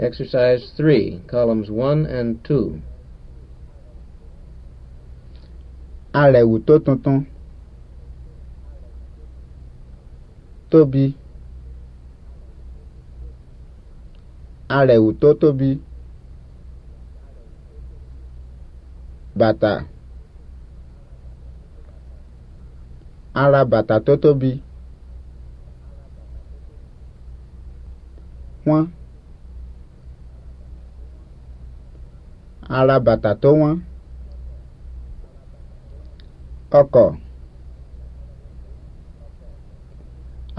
Exercise 3, columns 1 and 2. Arẹ̀wù tó tuntun. Tóbi. Arẹ̀wù tó tóbi. Bàtà. Ara bàtà tó tóbi. Wọ́n. a ra bàtà tó wọ́n ọkọ̀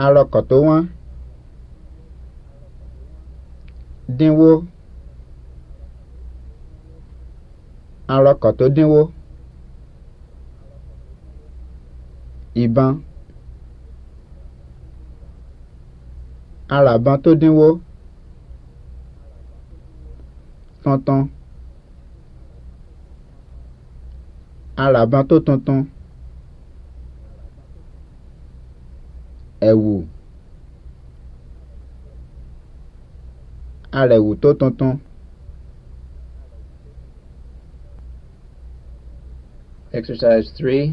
a ra ọkọ̀ tó wọ́n dínwó a ra ọkọ̀ tó dínwó ìbọn a tó dínwó tuntun. àràbà tó tuntun ẹ̀wù arẹ̀wù tó tuntun exercise three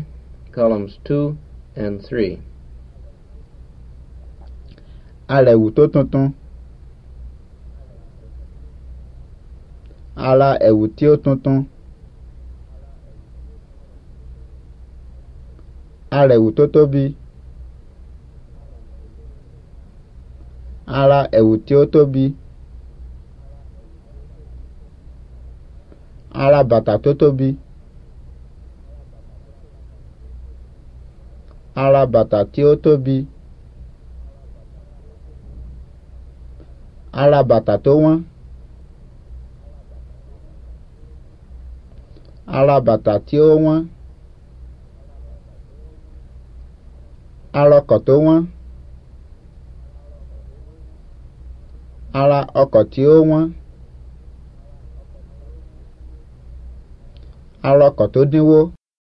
columns two and three arẹ̀wù tó tuntun ara ẹ̀wù tí ó tuntun. arẹ̀wù tó tóbi ara ẹ̀wù tí ó tóbi ara bàtà tó tóbi ara bàtà tí ó tóbi ara bàtà tó wọ́n. ara bàtà tí ó wọ́n ara ọkọ̀ tó wọ́n ara ọkọ̀ tí ó wọ́n ara tó dínwó.